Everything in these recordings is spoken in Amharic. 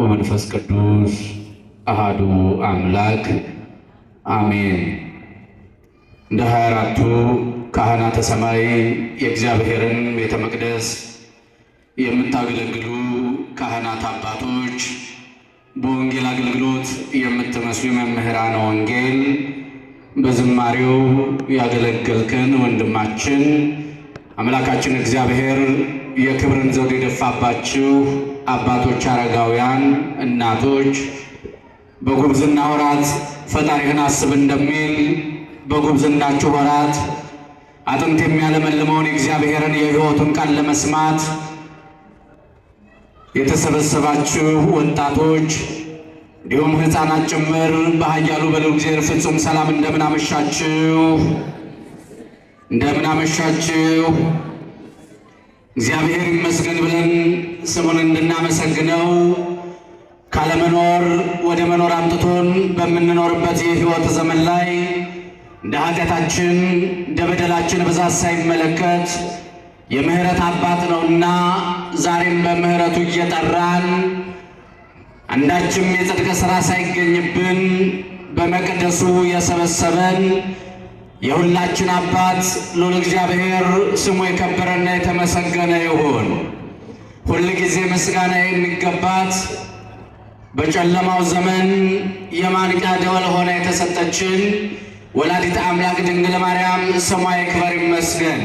ወመንፈስ ቅዱስ አሃዱ አምላክ አሜን። እንደ ሃያ አራቱ ካህናተ ሰማይ የእግዚአብሔርን ቤተ መቅደስ የምታገለግሉ ካህናት አባቶች፣ በወንጌል አገልግሎት የምትመስሉ መምህራነ ወንጌል፣ በዝማሬው ያገለገልከን ወንድማችን አምላካችን እግዚአብሔር የክብርን ዘውድ የደፋባችሁ አባቶች፣ አረጋውያን፣ እናቶች በጉብዝና ወራት ፈጣሪህን አስብ እንደሚል በጉብዝናችሁ ወራት አጥንት የሚያለመልመውን የእግዚአብሔርን የሕይወቱን ቃል ለመስማት የተሰበሰባችሁ ወጣቶች እንዲሁም ሕፃናት ጭምር በኃያሉ በልዑል እግዚአብሔር ፍጹም ሰላም እንደምን አመሻችሁ፣ እንደምን አመሻችሁ። እግዚአብሔር ይመስገን ብለን ስሙን እንድናመሰግነው ካለመኖር ወደ መኖር አምጥቶን በምንኖርበት የህይወት ዘመን ላይ እንደ ኃጢአታችን እንደ በደላችን ብዛት ሳይመለከት የምህረት አባት ነውና ዛሬም በምህረቱ እየጠራን አንዳችም የጽድቅ ሥራ ሳይገኝብን በመቅደሱ የሰበሰበን የሁላችን አባት ልዑል እግዚአብሔር ስሙ የከበረና የተመሰገነ ይሁን። ሁል ጊዜ ምስጋና የሚገባት በጨለማው ዘመን የማንቂያ ደወል ሆና የተሰጠችን ወላዲት አምላክ ድንግል ማርያም ስሟ ይክበር ይመስገን።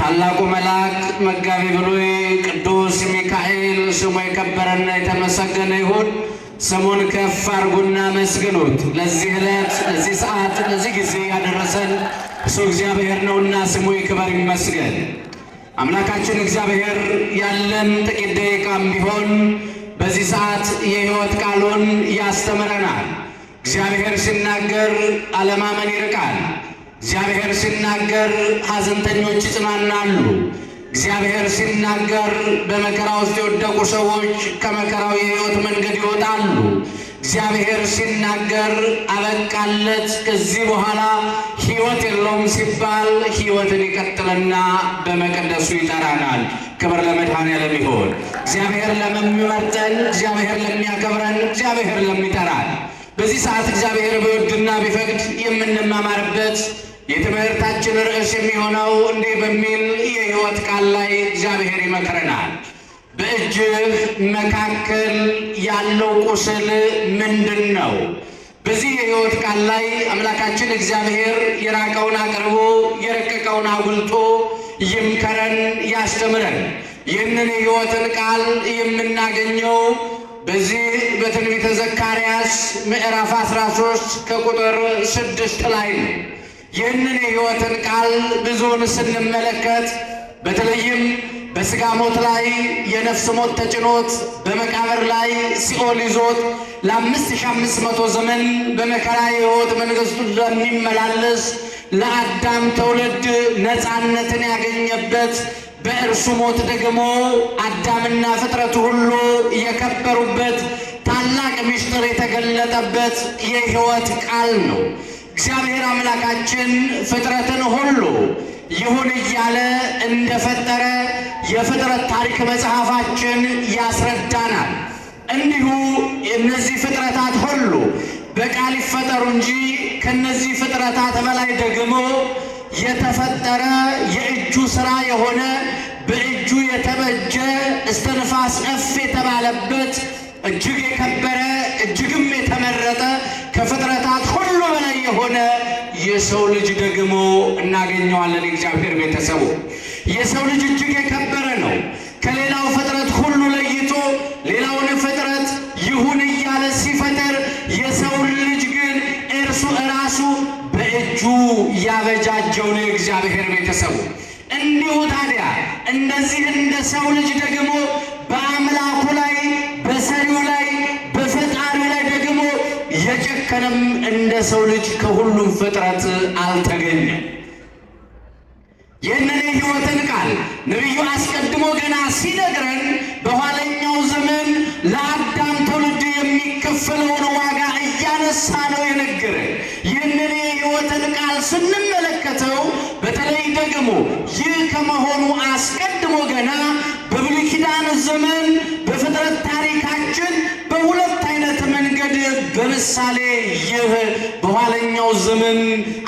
ታላቁ መልአክ መጋቢ ብሉይ ቅዱስ ሚካኤል ስሙ የከበረና የተመሰገነ ይሁን። ስሙን ከፍ አርጉና መስግኑት። ለዚህ ዕለት፣ ለዚህ ሰዓት፣ ለዚህ ጊዜ ያደረሰን እሱ እግዚአብሔር ነውና ስሙ ይክበር ይመስገን። አምላካችን እግዚአብሔር ያለን ጥቂት ደቂቃም ቢሆን በዚህ ሰዓት የሕይወት ቃሉን ያስተምረናል። እግዚአብሔር ሲናገር አለማመን ይርቃል። እግዚአብሔር ሲናገር ሐዘንተኞች ይጽናናሉ። እግዚአብሔር ሲናገር በመከራ ውስጥ የወደቁ ሰዎች ከመከራው የሕይወት መንገድ ይወጣሉ። እግዚአብሔር ሲናገር አበቃለት። ከዚህ በኋላ ሕይወት የለውም ሲባል ሕይወትን ይቀጥልና በመቀደሱ ይጠራናል። ክብር ለመድኃኔዓለም ይሁን። እግዚአብሔር ለሚመርጠን፣ እግዚአብሔር ለሚያከብረን፣ እግዚአብሔር ለሚጠራን በዚህ ሰዓት እግዚአብሔር ቢወድና ቢፈቅድ የምንማማርበት የትምህርታችን ርዕስ የሚሆነው እንዲህ በሚል የሕይወት ቃል ላይ እግዚአብሔር ይመክረናል። በእጅ መካከል ያለው ቁስል ምንድን ነው? በዚህ የሕይወት ቃል ላይ አምላካችን እግዚአብሔር የራቀውን አቅርቦ የረቀቀውን አጉልቶ ይምከረን፣ ያስተምረን። ይህንን የሕይወትን ቃል የምናገኘው በዚህ በትንቢተ ዘካርያስ ምዕራፍ 13 ከቁጥር ስድስት ላይ ነው። ይህንን የሕይወትን ቃል ብዙውን ስንመለከት በተለይም በስጋ ሞት ላይ የነፍስ ሞት ተጭኖት በመቃብር ላይ ሲኦል ይዞት ለአምስት ሺህ አምስት መቶ ዘመን በመከራ የሕይወት መንግሥቱ ለሚመላለስ ለአዳም ትውልድ ነፃነትን ያገኘበት በእርሱ ሞት ደግሞ አዳምና ፍጥረቱ ሁሉ የከበሩበት ታላቅ ምስጢር የተገለጠበት የሕይወት ቃል ነው። እግዚአብሔር አምላካችን ፍጥረትን ሁሉ ይሁን እያለ እንደፈጠረ የፍጥረት ታሪክ መጽሐፋችን ያስረዳናል። እንዲሁ እነዚህ ፍጥረታት ሁሉ በቃል ይፈጠሩ እንጂ ከነዚህ ፍጥረታት በላይ ደግሞ የተፈጠረ የእጁ ሥራ የሆነ በእጁ የተበጀ እስተንፋስ እፍ የተባለበት እጅግ የከበረ እጅግም የተመረጠ ከፍጥረታት ሁሉ በላይ የሆነ የሰው ልጅ ደግሞ እናገኘዋለን። እግዚአብሔር ቤተሰቡ የሰው ልጅ እጅግ የከበረ ነው። ከሌላው ፍጥረት ሁሉ ለይቶ ሌላውን ፍጥረት ይሁን እያለ ሲፈጠር የሰው ልጅ ግን እርሱ እራሱ በእጁ ያበጃጀው ነው። እግዚአብሔር ቤተሰቡ እንዲሁ ታዲያ እንደዚህ እንደ ሰው ልጅ ደግሞ በአምላኩ ላይ በሰሪው ላይ ቀንም እንደ ሰው ልጅ ከሁሉም ፍጥረት አልተገኘም። ይህንን የሕይወትን ቃል ነቢዩ አስቀድሞ ገና ሲነግረን በኋለኛው ዘመን ለአዳም ትውልድ የሚከፈለውን ዋጋ እያነሳ ነው የነገረ ይህንን የሕይወትን ቃል ስንመለከተው በተለይ ደግሞ ይህ ከመሆኑ አስቀድሞ ገና በብሉይ ኪዳን ዘመን በፍጥረት ታሪካችን በሁለት መንገድ በምሳሌ ይህ በኋለኛው ዘመን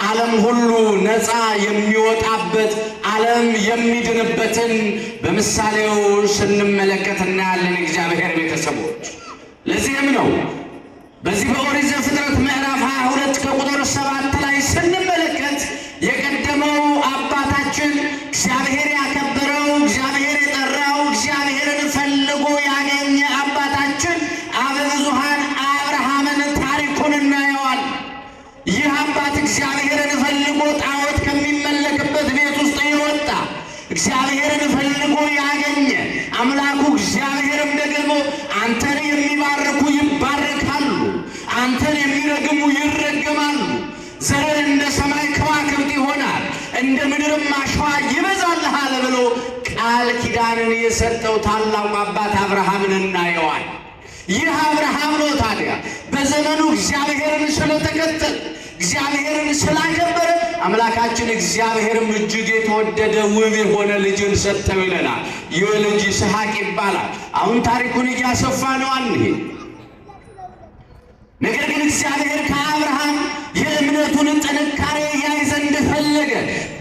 ዓለም ሁሉ ነፃ የሚወጣበት ዓለም የሚድንበትን በምሳሌው ስንመለከት እናያለን። እግዚአብሔር ቤተሰቦች ለዚህም ነው በዚህ በኦሪት ዘፍጥረት ምዕራፍ 22 ከቁጥር ሰባት ላይ ስንመለከት የቀደመው አባታችን እግዚአብሔር ያከበረው እግዚአብሔር የጠራው እግዚአብሔርን ፈልጎ እግዚአብሔርን ፈልጎ ያገኘ አምላኩ እግዚአብሔርም ደግሞ አንተን የሚባርኩ ይባረካሉ፣ አንተን የሚረግሙ ይረገማሉ። ዘርን እንደ ሰማይ ከዋክብት ይሆናል፣ እንደ ምድርም አሸዋ ይበዛልሃል ብሎ ቃል ኪዳንን የሰጠው ታላቁ አባት አብርሃምን እናየዋል። ይህ አብርሃም ነው ታዲያ በዘመኑ እግዚአብሔርን ስለተከተል እግዚአብሔርን ስላከበረ አምላካችን እግዚአብሔርም እጅግ የተወደደ ውብ የሆነ ልጅን ሰጠው ይለናል። ይህ ልጅ ይስሐቅ ይባላል። አሁን ታሪኩን እያሰፋ ነው አንሄ ነገር ግን እግዚአብሔር ከአብርሃም የእምነቱን ጥንካሬ ያይ ዘንድ ፈለገ።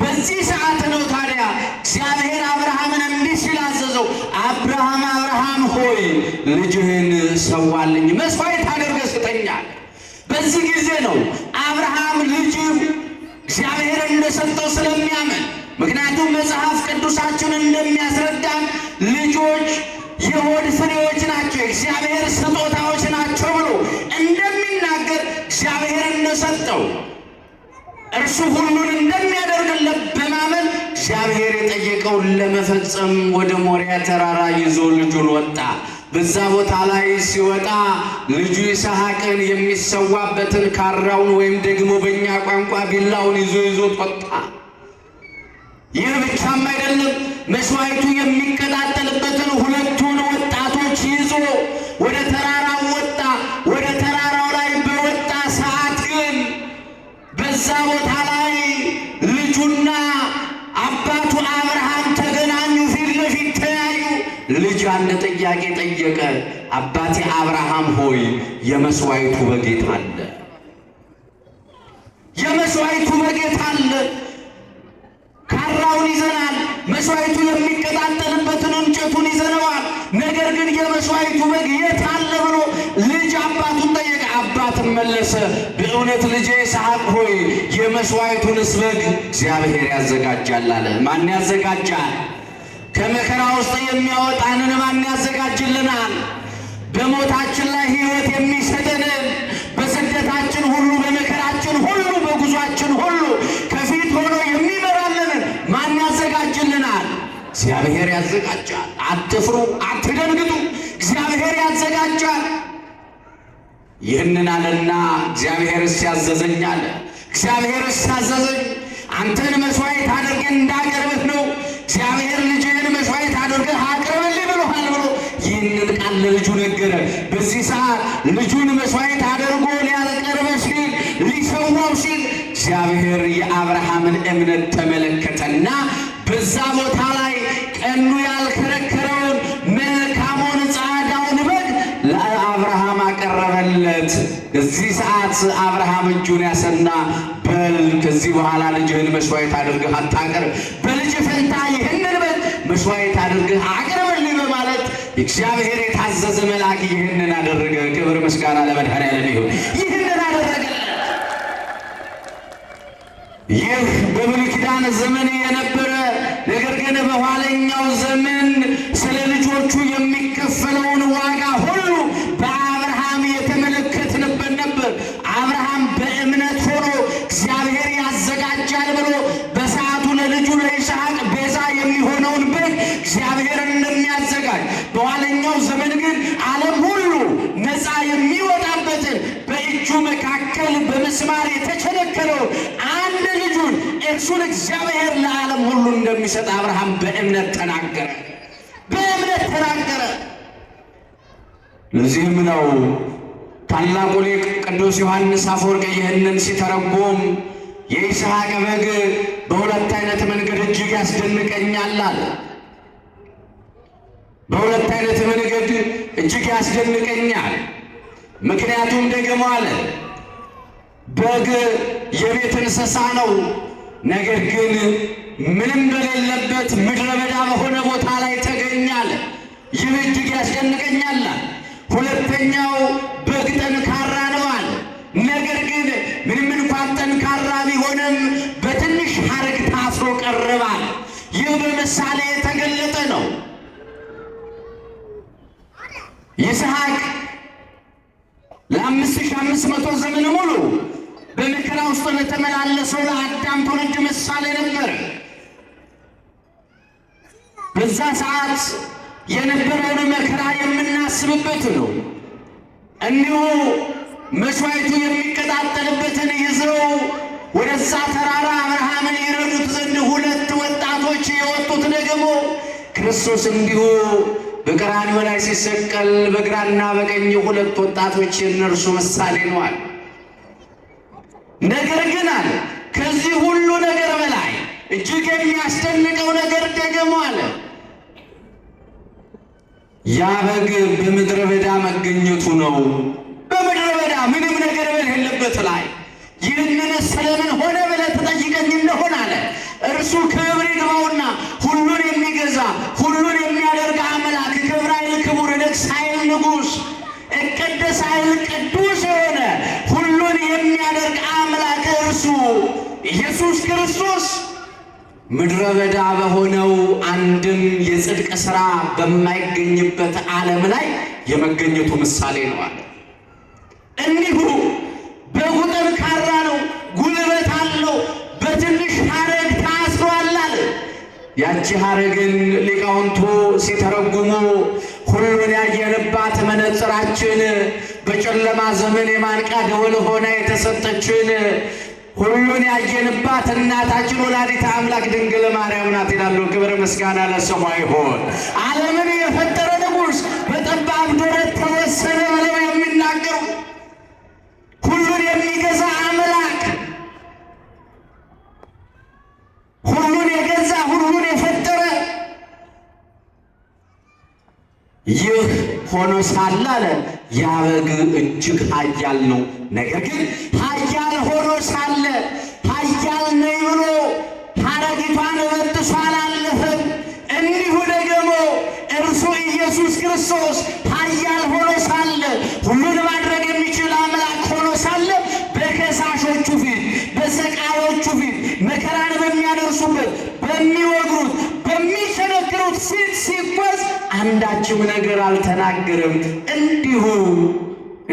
በዚህ ሰዓት ነው ታዲያ እግዚአብሔር አብርሃምን እንዲህ ሲላዘዘው፣ አብርሃም አብርሃም ሆይ ልጅህን ሰዋልኝ መስዋዕት አድርገህ ስጠኛል። በዚህ ጊዜ ነው አብርሃም ልጁ እግዚአብሔር እንደሰጠው ስለሚያምን ምክንያቱም መጽሐፍ ቅዱሳችን እንደሚያስረዳን ልጆች የሆድ ፍሬዎች ናቸው፣ እግዚአብሔር ስጦታዎች ናቸው ብሎ እንደሚናገር እግዚአብሔር እንደሰጠው እርሱ ሁሉን እንደሚያደርግለት በማመን እግዚአብሔር የጠየቀውን ለመፈጸም ወደ ሞሪያ ተራራ ይዞ ልጁን ወጣ። በዛ ቦታ ላይ ሲወጣ ልጁ ይስሐቅን የሚሰዋበትን ካራውን ወይም ደግሞ በእኛ ቋንቋ ቢላውን ይዞ ይዞ ወጣ። ይህ ብቻም አይደለም፣ መስዋዕቱ የሚቀጣጠልበትን ሁለቱን ወጣቶች ይዞ ወደ ተራ አባቴ አብርሃም ሆይ የመስዋዕቱ በጌት አለ፣ የመስዋዕቱ በጌት አለ። ካራውን ይዘናል። መስዋዕቱ የሚቀጣጠልበትን እንጨቱን ይዘነዋል። ነገር ግን የመስዋዕቱ በግ የት አለ ብሎ ልጅ አባቱን ጠየቀ። አባትም መለሰ፣ በእውነት ልጄ ይስሐቅ ሆይ የመስዋዕቱንስ በግ እግዚአብሔር ያዘጋጃል አለ። ማን ያዘጋጃል? ከመከራ ውስጥ የሚያወጣንን ማን ያዘጋጅልናል? በሞታችን ላይ ሕይወት የሚሰጠን በስደታችን ሁሉ በመከራችን ሁሉ በጉዟችን ሁሉ ከፊት ሆኖ የሚመራልን ማን ያዘጋጅልናል? እግዚአብሔር ያዘጋጃል። አትፍሩ፣ አትደንግጡ። እግዚአብሔር ያዘጋጃል። ይህንን አለና እግዚአብሔር ያዘዘኛል። እግዚአብሔር ያዘዘኝ አንተን መስዋዕት አድርገን እንዳቀርበት ነው። እግዚአብሔር ልጅህን መስዋዕት አድርገህ አቅርበልኝ ብሎሃል ብሎ ይህንን ቃል ለልጁ በዚህ ሰዓት ልጁን መስዋዕት አድርጎ ሊያቀርበው ሲል ሊሰዋው ሲል እግዚአብሔር የአብርሃምን እምነት ተመለከተና በዛ ቦታ ላይ ቀኑ ያልከረከረውን መልካሙን በግ ለአብርሃም አቀረበለት። እዚህ ሰዓት አብርሃም እጁን ያሰና በል ከዚህ በኋላ ልጅህን መስዋዕት አድርገህ በልጅ ፈንታ ይህንን በግ መስዋዕት አድርገህ አቅርብ እግዚአብሔር የታዘዘ መልአክ ይህንን አደረገ። ክብር ምስጋና ለመድኃኔዓለም ይሁን። ይህንን አደረገ። ይህ በብሉይ ኪዳን ዘመን የነበረ ነገር ግን በኋለኛው ዘመን ስለ ልጆቹ የሚከፈለውን ዋጋ ሁሉ በአብርሃም የተመለከትንበት ነበር። አብርሃም በእምነት ሆኖ እግዚአብሔር ያዘጋጃል ብሎ በሰዓቱ ለልጁ ለይስሐቅ ቤዛ የሚሆነውን በግ እግዚአብሔር በኋለኛው ዘመን ግን ዓለም ሁሉ ነፃ የሚወጣበትን በእጁ መካከል በምስማር የተቸነከረው አንድ ልጁን እርሱን እግዚአብሔር ለዓለም ሁሉ እንደሚሰጥ አብርሃም በእምነት ተናገረ። በእምነት ተናገረ። ለዚህም ነው ታላቁ ሊቅ ቅዱስ ዮሐንስ አፈወርቅ ይህንን ሲተረጎም የይስሐቅ በግ በሁለት አይነት መንገድ እጅግ ያስደንቀኛል አለ። በሁለት አይነት መንገድ እጅግ ያስደንቀኛል። ምክንያቱም ደግሞ አለ በግ የቤት እንስሳ ነው። ነገር ግን ምንም በሌለበት ምድረ በዳ በሆነ ቦታ ላይ ተገኛል። ይህ እጅግ ያስደንቀኛል። ሁለተኛው በግ ጠንካራ ነዋል። ነገር ግን ምንም እንኳን ጠንካራ ቢሆንም በትንሽ ሐረግ ታስሮ ቀርባል። ይህ በምሳሌ የተገለጠ ይስሐቅ ለአምስት ሺህ አምስት መቶ ዘመን ሙሉ በመከራ ውስጥ ለተመላለሰው ለአዳም ትውልድ ምሳሌ ነበር። በዛ ሰዓት የነበረውን መከራ የምናስብበት ነው። እንዲሁ መሥዋዕቱ የሚቀጣጠልበትን ይዘው ወደዛ ተራራ አብርሃምን ይረዱት ዘንድ ሁለት ወጣቶች የወጡት ደግሞ ክርስቶስ እንዲሁ በቀራንዮ ላይ ሲሰቀል በግራና በቀኝ ሁለት ወጣቶች የእነርሱ ምሳሌ ነዋል። ነገር ግን አለ ከዚህ ሁሉ ነገር በላይ እጅግ የሚያስደንቀው ነገር ደግሞ አለ ያ በግ በምድረ በዳ መገኘቱ ነው። በምድረ በዳ ምንም ነገር በሌለበት ላይ ይህንን ስለምን ሆነ ብለህ ተጠይቀኝ እንደሆን አለ እርሱ ክብር ይግባውና ሁሉን ንጉሥ ቅዱስ ኃይል ቅዱስ የሆነ ሁሉን የሚያደርግ አምላክ እርሱ ኢየሱስ ክርስቶስ ምድረ በዳ በሆነው አንድም የጽድቅ ሥራ በማይገኝበት ዓለም ላይ የመገኘቱ ምሳሌ ነው አለ። እንዲሁ በቁጥር ካራ ነው፣ ጉልበት አለው፣ በትንሽ ሐረግ ታስሯል አለ። ያቺ ሐረግን ሊቃውንቱ ሲተረጉሙ ሁሉን ያየንባት መነጽራችን በጨለማ ዘመን የማንቃ ደወል ሆና የተሰጠችን ሁሉን ያየንባት እናታችን ወላዲተ አምላክ ድንግል ማርያም ናት ይላሉ። ክብር ምስጋና ለስሟ ይሁን። ዓለምን የፈጠረ ንጉሥ በጠባብ ደረት ተወሰነ ብለው የሚናገሩ ሁሉን ይህ ሆኖ ሳለ አለ ያ በግ እጅግ ኃያል ነው። ነገር ግን ኃያል ሆኖ ሳለ ኃያል ነኝ ብሎ ሐረጊቷን በጥሶ አላለፈም። እንዲሁ ደግሞ እርሱ ኢየሱስ ክርስቶስ ኃያል ሆኖ ሳለ ሁሉን ማድረግ የሚችል አምላክ ሆኖ ሳለ በከሳሾቹ ፊት፣ በሰቃዮቹ ፊት፣ መከራን በሚያደርሱበት፣ በሚወግሩት ሴት ሲጓዝ አንዳችሁ ነገር አልተናገረም። እንዲሁ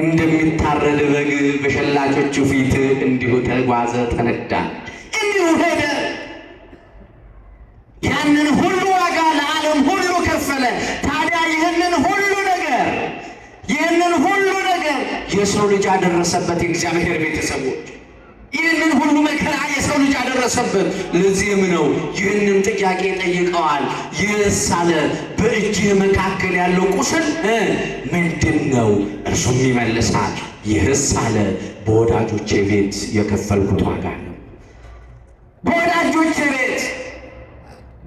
እንደሚታረድ በግ በሸላቾቹ ፊት እንዲሁ ተጓዘ፣ ተነዳ፣ እንዲሁ ሄደ። ያንን ሁሉ ዋጋ ለዓለም ሁሉ ከፈለ። ታዲያ ይህንን ሁሉ ነገር ይህንን ሁሉ ነገር የሰው ልጅ አደረሰበት የእግዚአብሔር ቤተሰቦች ይህንን ሁሉ መከራ የሰው ልጅ አደረሰብን። ለዚህም ነው ይህንን ጥያቄ ጠይቀዋል። ይህስ አለ በእጅህ መካከል ያለው ቁስል ምንድን ነው? እርሱም ይመልሳል፣ ይህስ አለ በወዳጆቼ ቤት የከፈልኩት ዋጋ ነው። በወዳጆቼ ቤት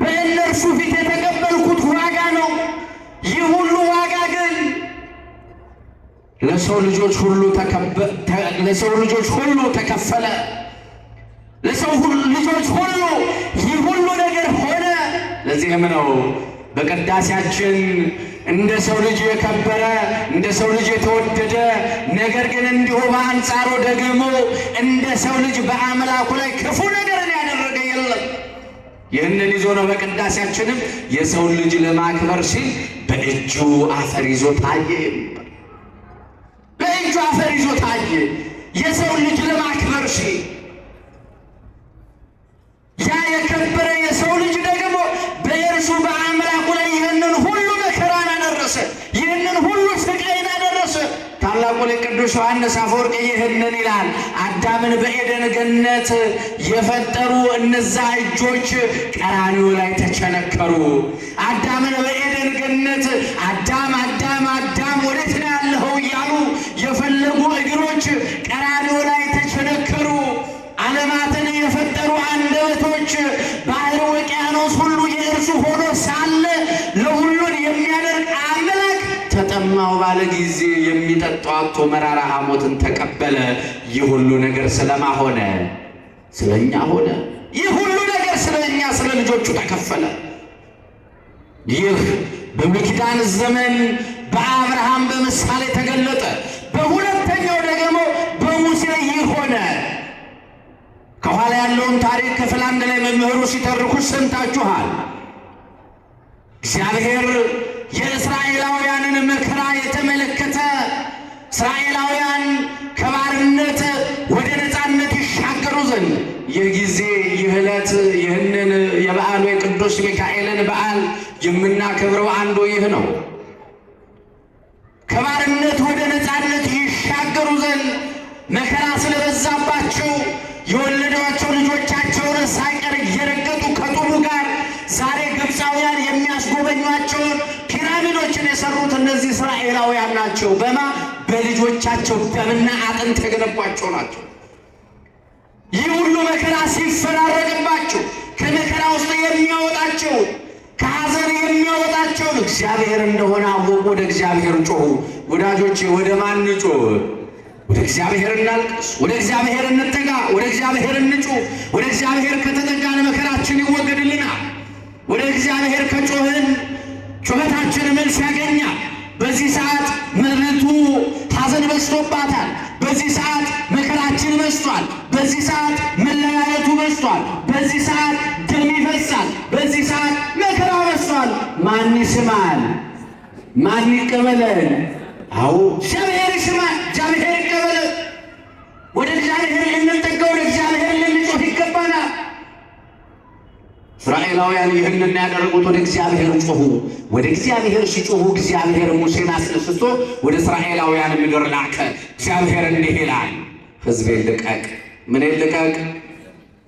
በእነርሱ ፊት የተቀበልኩት ዋጋ ነው። ይህ ሁሉ ዋጋ ግን ለሰው ልጆች ሁሉ ተከፈለ ለሰው ልጆች ሁሉ ይህ ሁሉ ነገር ሆነ። ለዚህም ነው በቅዳሴያችን እንደ ሰው ልጅ የከበረ እንደ ሰው ልጅ የተወደደ ነገር ግን እንዲሁ በአንጻሩ ደግሞ እንደ ሰው ልጅ በአምላኩ ላይ ክፉ ነገርን ያደረገ የለም። ይህንን ይዞ ነው በቅዳሴያችንም የሰው ልጅ ለማክበር ሲል በእጁ አፈር ይዞ ታየ። በእጁ አፈር ይዞ ታየ የሰው ልጅ ለማክበር ሲል ያ የከበረ የሰው ልጅ ደግሞ በእርሱ በአምላኩ ላይ ይህንን ሁሉ መከራን አደረሰ። ይህንን ሁሉ ስቃይን አደረሰ። ታላቁ ቅዱስ ዮሐንስ አፈወርቅ ይህንን ይላል። አዳምን በኤደን ገነት የፈጠሩ እነዛ እጆች ቀራንዮ ላይ ተቸነከሩ። አዳምን በኤደን ገነት ተጠማምቶ መራራ ሐሞትን ተቀበለ። ይህ ሁሉ ነገር ስለማ ሆነ፣ ስለኛ ሆነ። ይህ ሁሉ ነገር ስለኛ ስለ ልጆቹ ተከፈለ። ይህ በብሉይ ዘመን በአብርሃም በምሳሌ ተገለጠ። በሁለተኛው ደግሞ በሙሴ ይህ ሆነ። ከኋላ ያለውን ታሪክ ክፍል አንድ ላይ መምህሩ ሲተርኩ ሰምታችኋል። እግዚአብሔር ይህ ጊዜ ይህ ዕለት ይህንን የበዓሉ የቅዱስ ሚካኤልን በዓል የምናከብረው አንዱ ይህ ነው። ከባርነት ወደ ነፃነት ይሻገሩ ዘንድ መከራ ስለበዛባቸው የወለዷቸው ልጆቻቸውን ሳይቀር እየረገጡ ከጡቡ ጋር ዛሬ ግብፃውያን የሚያስጎበኟቸውን ፒራሚዶችን የሰሩት እነዚህ እስራኤላውያን ናቸው። በማ በልጆቻቸው ደምና አጥንት የገነቧቸው ናቸው። ይህ ሁሉ መከራ ሲፈራረቅባቸው ከመከራ ውስጥ የሚያወጣቸው ከሐዘን የሚያወጣቸው እግዚአብሔር እንደሆነ አወቁ። ወደ እግዚአብሔር ጮሁ ወዳጆቼ ወደ ማን ጮህ? ወደ እግዚአብሔር እናልቅስ፣ ወደ እግዚአብሔር እንጠጋ፣ ወደ እግዚአብሔር እንጩህ። ወደ እግዚአብሔር ከተጠጋን መከራችን ይወገድልናል። ወደ እግዚአብሔር ከጮህን ጩኸታችን መልስ ያገኛል። በዚህ ሰዓት ምድሪቱ ሐዘን በዝቶባታል። በዚህ ሰዓት መከራችን በዝቷል። በዚህ ሰዓት መለያየቱ በዝቷል። በዚህ ሰዓት ደም ይፈሳል። በዚህ ሰዓት መከራ በዝቷል። ማን ይስማል? ማን ይቀበለን? አዎ እግዚአብሔር ይስማል። እግዚአብሔር ይቀበለን። ወደ እግዚአብሔር እንጠጋ። ወደ እግዚአብሔር እስራኤላውያን ይህንን ያደረጉት ወደ እግዚአብሔር ጮኹ። ወደ እግዚአብሔር ሲጮኹ እግዚአብሔር ሙሴን አስነስቶ ወደ እስራኤላውያን ምድር ላከ። እግዚአብሔር እንዲህ ይላል፣ ሕዝቤን ልቀቅ። ምን ልቀቅ?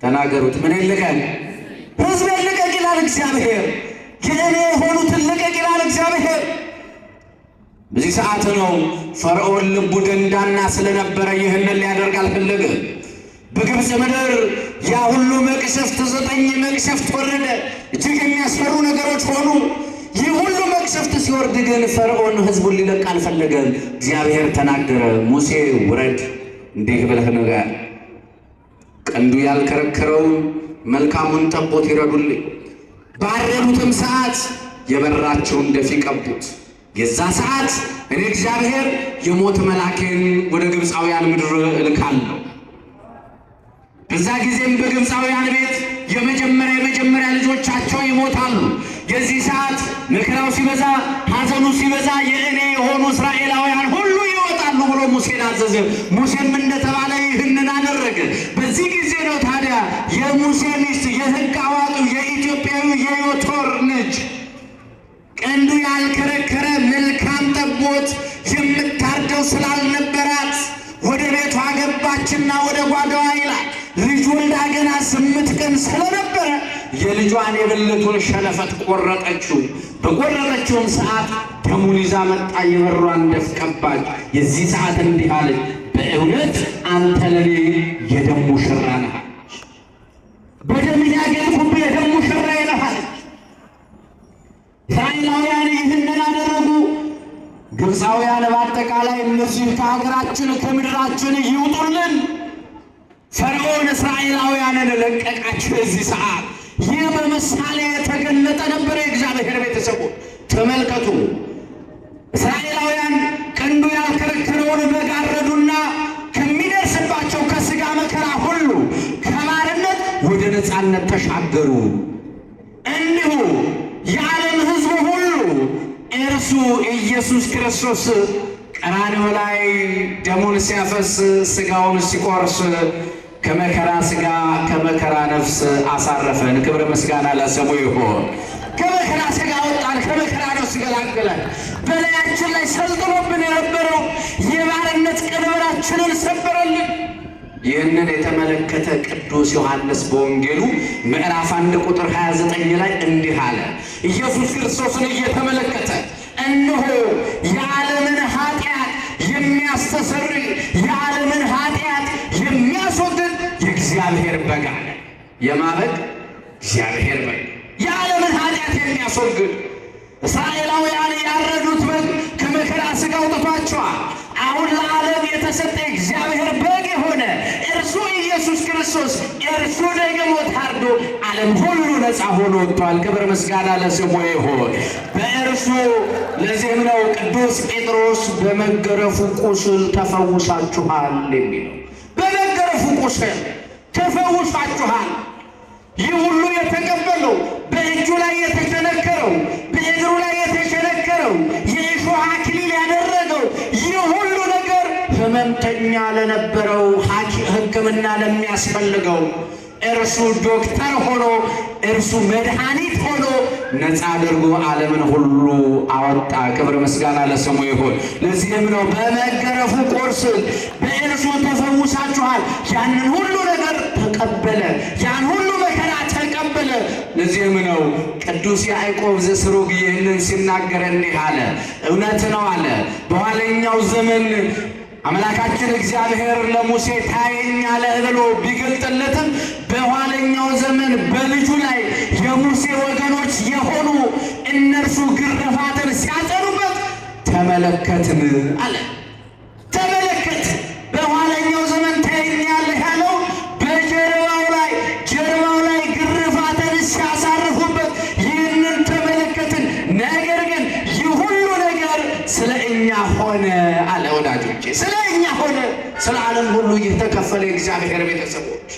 ተናገሩት። ምን ልቀቅ? ሕዝቤን ልቀቅ ይላል እግዚአብሔር። የእኔ የሆኑትን ልቀቅ ይላል እግዚአብሔር። በዚህ ሰዓት ነው ፈርዖን ልቡ ደንዳና ስለነበረ ይህንን ሊያደርግ አልፈለገ። በግብፅ ምድር ያ ሁሉ መቅሰፍት ዘጠኝ መቅሰፍት ወረደ። እጅግ የሚያስፈሩ ነገሮች ሆኑ። ይህ ሁሉ መቅሰፍት ሲወርድ ግን ፈርዖን ሕዝቡን ሊለቅ አልፈለገም። እግዚአብሔር ተናገረ። ሙሴ ውረድ፣ እንዲህ ብለህ ንገር፣ ቀንዱ ያልከረከረውን መልካሙን ጠቦት ይረዱልኝ፣ ባረዱትም ሰዓት የበራቸውን ደፊ ቀቡት። የዛ ሰዓት እኔ እግዚአብሔር የሞት መላኬን ወደ ግብፃውያን ምድር እልካለሁ በዛ ጊዜም በግብፃውያን ቤት የመጀመሪያ የመጀመሪያ ልጆቻቸው ይሞታሉ። የዚህ ሰዓት መከራው ሲበዛ፣ ሐዘኑ ሲበዛ የእኔ የሆኑ እስራኤላውያን ሁሉ ይወጣሉ ብሎ ሙሴን አዘዘ። ሙሴም እንደተባለ ይህንን አደረገ። በዚህ ጊዜ ነው ታዲያ የሙሴ ሚስት የህግ አዋቂው የኢትዮጵያዊ የዮቶር ልጅ ቀንዱ ያልከረከረ መልካም ጠቦት የምታርደው ስላልነበራት ገባችና ወደ ጓዳዋ ይላል። ልጅ ወልዳ ገና ስምንት ቀን ስለነበረ የልጇን የብልቱን ሸለፈት ቆረጠችው። በቆረጠችውም ሰዓት ደሙን ይዛ መጣ፣ የበሯን ደፍ ቀባች። የዚህ ሰዓት እንዲህ አለች፣ በእውነት አንተ ለኔ የደም ሙሽራ ነህ። በደም ያገልኩብህ የደም ሙሽራ ይለሃል። እስራኤላውያን ይህን ግብፃውያን በአጠቃላይ እነዚህ ከሀገራችን ከምድራችን ይውጡልን፣ ፈርዖን እስራኤላውያንን ለቀቃቸው። እዚህ ሰዓት ይህ በምሳሌ የተገለጠ ነበር። የእግዚአብሔር ቤተሰቡ ተመልከቱ። እስራኤላውያን ቀንዱ ያልከረከረውን በጋረዱና ከሚደርስባቸው ከስጋ መከራ ሁሉ ከባርነት ወደ ነፃነት ተሻገሩ። ልጁ ኢየሱስ ክርስቶስ ቀራንዮ ላይ ደሙን ሲያፈስ ስጋውን ሲቆርስ ከመከራ ስጋ ከመከራ ነፍስ አሳረፈን። ክብረ ምስጋና ለስሙ ይሁን። ከመከራ ስጋ ወጣን፣ ከመከራ ነፍስ ገላገለን። በላያችን ላይ ሰልጥኖብን የነበረው የባርነት ቀንበራችንን ሰበረልን። ይህንን የተመለከተ ቅዱስ ዮሐንስ በወንጌሉ ምዕራፍ አንድ ቁጥር 29 ላይ እንዲህ አለ ኢየሱስ ክርስቶስን እየተመለከተ እንሆ የዓለምን ኃጢአት የሚያስተሰርይ የዓለምን ኃጢአት የሚያስወግድ የእግዚአብሔር በግ አለ። የማበግ እግዚአብሔር በግ የዓለምን ኃጢአት የሚያስወግድ እስራኤላውያን ያረዱት በግ ከመከራ ሥጋ አውጥቷቸዋል። አሁን ለዓለም የተሰጠ እግዚአብሔር በግ ክርስቶስ እርሱ ደግሞ ታርዶ ዓለም ሁሉ ነፃ ሆኖ ወጥቷል። ክብር ምስጋና ለስሙ ይሁን። በእርሱ ለዚህም ነው ቅዱስ ጴጥሮስ በመገረፉ ቁስል ተፈውሳችኋል የሚለው። በመገረፉ ቁስል ተፈውሳችኋል። ይህ ሁሉ የተቀበለው በእጁ ላይ የተቸነከረው በእግሩ ላይ የተቸነከረው የእሾህ አክሊል ያደረገው ይህ ሁሉ ነገር ህመምተኛ ለነበረው ሕክምና ለሚያስፈልገው እርሱ ዶክተር ሆኖ እርሱ መድኃኒት ሆኖ ነፃ አድርጎ ዓለምን ሁሉ አወጣ። ክብር ምስጋና ለስሙ ይሁን። ለዚህም ነው በመገረፉ ቆርስል በእርሱ ተፈውሳችኋል። ያንን ሁሉ ነገር ተቀበለ። ያን ሁሉ መከራ ተቀበለ። ለዚህም ነው ቅዱስ ያዕቆብ ዘስሩግ ይህንን ሲናገር እንዲህ አለ። እውነት ነው አለ በኋለኛው ዘመን አምላካችን እግዚአብሔር ለሙሴ ታየኛለህ ብሎ ቢገልጥለትም በኋለኛው ዘመን በልጁ ላይ የሙሴ ወገኖች የሆኑ እነርሱ ግርፋትን ሲያጠኑበት ተመለከትን አለ። ስለ ዓለም ሁሉ እየተከፈለ የእግዚአብሔር ቤተሰቦች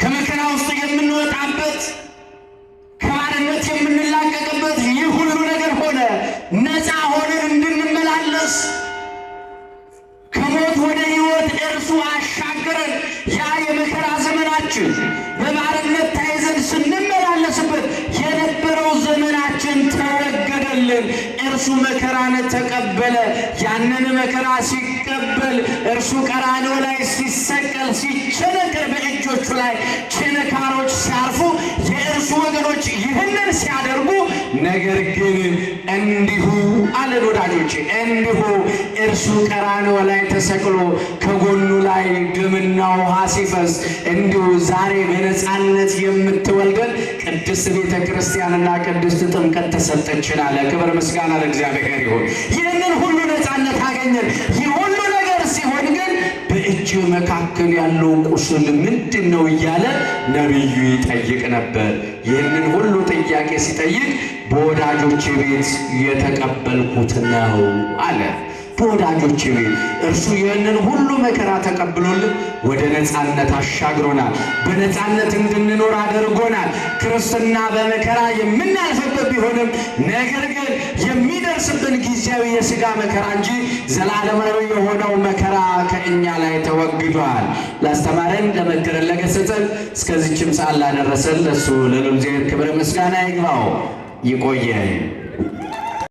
ከመከራ ውስጥ የምንወጣበት ከባርነት የምንላቀቅበት ይህ ሁሉ ነገር ሆነ። ነፃ ሆነን እንድንመላለስ ከሞት ወደ ሕይወት እርሱ አሻገረን። ያ የመከራ ዘመናችን በባርነት ተይዘን ስንመላለስበት የነበረው ዘመናችን ተወገደልን። እርሱ መከራን ተቀበለ። ያንን መከራ ሲቀበል እርሱ ቀራንዮ ሲሰቀል ሲቸነከር በእጆቹ ላይ ችንካሮች ሲያርፉ የእርሱ ወገኖች ይህንን ሲያደርጉ፣ ነገር ግን እንዲሁ አለን ወዳጆች፣ እንዲሁ እርሱ ቀራንዮ ላይ ተሰቅሎ ከጎኑ ላይ ደምና ውሃ ሲፈስ እንዲሁ ዛሬ በነፃነት የምትወልደን ቅድስት ቤተ ክርስቲያንና ቅድስት ጥምቀት ተሰጠችናለ። ክብር ምስጋና ለእግዚአብሔር ይሁን። ይህንን ሁሉ ነፃነት አገኘን። መካከል ያለው ቁስል ምንድን ነው እያለ ነቢዩ ይጠይቅ ነበር። ይህንን ሁሉ ጥያቄ ሲጠይቅ በወዳጆች ቤት የተቀበልኩት ነው አለ። በወዳጆች እርሱ ይህንን ሁሉ መከራ ተቀብሎልን ወደ ነፃነት አሻግሮናል። በነፃነት እንድንኖር አድርጎናል። ክርስትና በመከራ የምናልፍበት ቢሆንም ነገር ግን የሚደርስብን ጊዜያዊ የሥጋ መከራ እንጂ ዘላለማዊ የሆነው መከራ ከእኛ ላይ ተወግዷል። ላስተማረን፣ ለመከረን፣ ለገሰጸን እስከዚችም ሰዓት ላደረሰን ለሱ ለሉ እግዚአብሔር ክብረ ምስጋና ይግባው። ይቆየን።